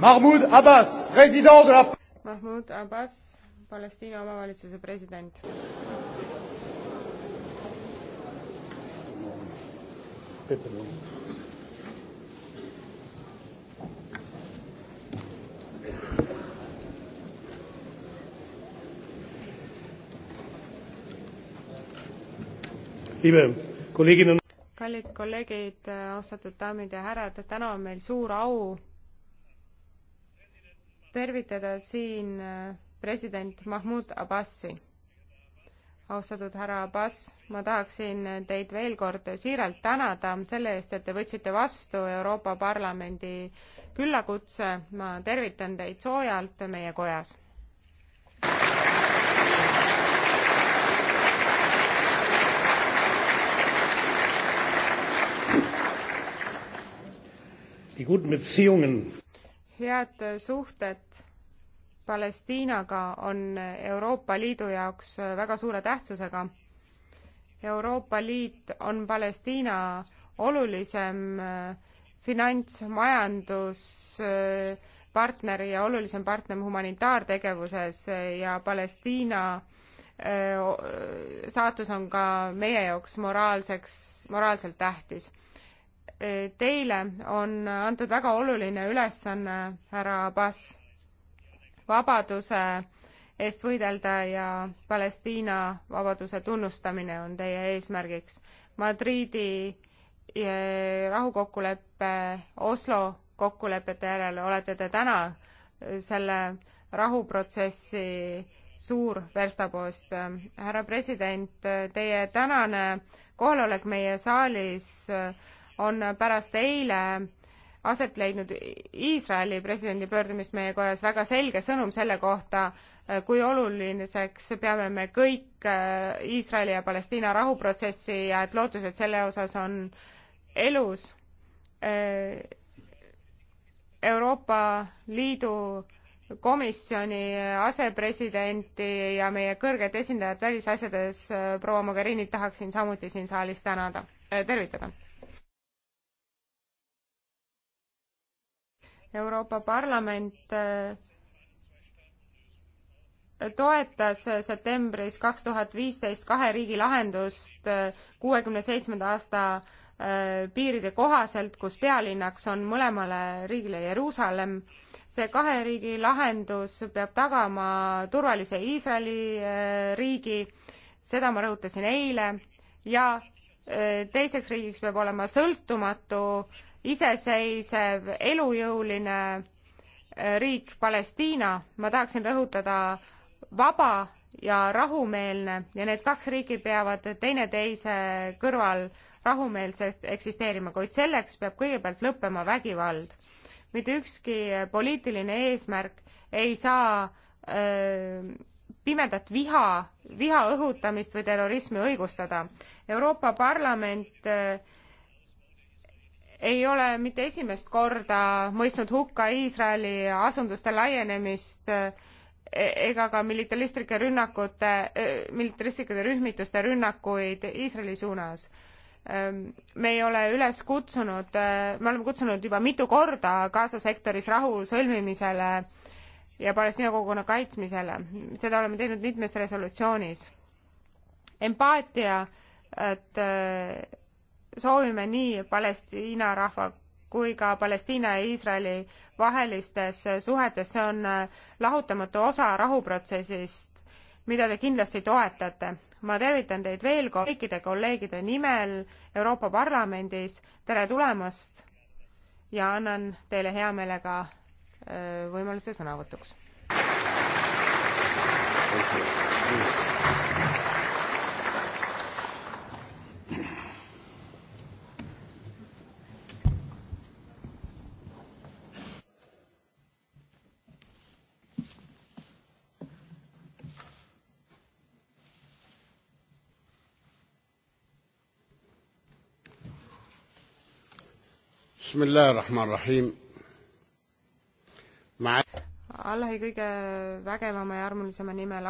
Mahmoud Abbas, president de la... Mahmoud Abbas, Palestiina omavalitsuse president. liebe Kolleginnen kallid kolleegid, austatud daamid ja härrad, täna on meil suur au tervitada siin äh, president Mahmoud Abbasi. austatud härra Abbas, ma tahaksin teid veel kord siiralt tänada selle eest, et te võtsite vastu Euroopa Parlamendi küllakutse. ma tervitan teid soojalt meie kojas. Die guten Beziehungen head suhted Palestiinaga on Euroopa Liidu jaoks väga suure tähtsusega. Euroopa Liit on Palestiina olulisem äh, finants, majanduspartner äh, ja olulisem partner humanitaartegevuses äh, ja Palestiina saatus on ka meie jaoks moraalseks, moraalselt tähtis teile on antud väga oluline ülesanne, härra Abbas, vabaduse eest võidelda ja Palestiina vabaduse tunnustamine on teie eesmärgiks. Madriidi eh, rahukokkuleppe, Oslo kokkulepete järel olete te täna eh, selle rahuprotsessi suur verstapost. härra president, eh, teie tänane kohalolek meie saalis äh, on pärast eile aset leidnud Iisraeli presidendi pöördumist meie kojas väga selge sõnum selle kohta, kui oluliseks peame me kõik äh, Iisraeli ja Palestiina rahuprotsessi ja et lootused selle osas on elus. Äh, Euroopa Liidu komisjoni asepresidenti ja meie kõrget esindajat välisasjades, äh, proua Mogherinit tahaksin samuti siin saalis tänada, tervitada Euroopa Parlament äh, toetas septembris kaks tuhat viisteist kahe riigi lahendust äh, kuuekümne seitsmenda aasta äh, piiride kohaselt, kus pealinnaks on mõlemale riigile Jeruusalemm. see kahe riigi lahendus peab tagama turvalise Iisraeli riigi, seda ma rõhutasin eile, ja teiseks riigiks peab olema sõltumatu, iseseisev, elujõuline äh, riik Palestiina, ma tahaksin rõhutada vaba ja rahumeelne ja need kaks riiki peavad teineteise kõrval rahumeelselt eksisteerima, kuid selleks peab kõigepealt lõppema vägivald. mitte ükski poliitiline eesmärk ei saa öö, äh, pimedat viha, viha õhutamist või terrorismi õigustada. Euroopa Parlament äh, ei ole mitte esimest korda mõistnud hukka Iisraeli asunduste laienemist äh, ega ka militaristlike rünnakute, äh, militaristlike rühmituste rünnakuid Iisraeli suunas. Ähm, me ei ole üles kutsunud, me oleme kutsunud juba mitu korda Gaza sektoris rahu sõlmimisele ja Palestiina kogukonna kaitsmisele. seda oleme teinud mitmes resolutsioonis. empaatia, et äh, soovime nii Palestiina rahva kui ka Palestiina ja Iisraeli vahelistes suhetes, see on äh, lahutamatu osa rahuprotsessist, mida te kindlasti toetate. ma tervitan teid veel kord kõikide kolleegide nimel Euroopa Parlamendis, tere tulemast ja annan teile hea meelega Äh, võimaluse sõnavõtuks. بسم الله الرحمن الرحيم Allahi kõige vägevama ja armulisema nimel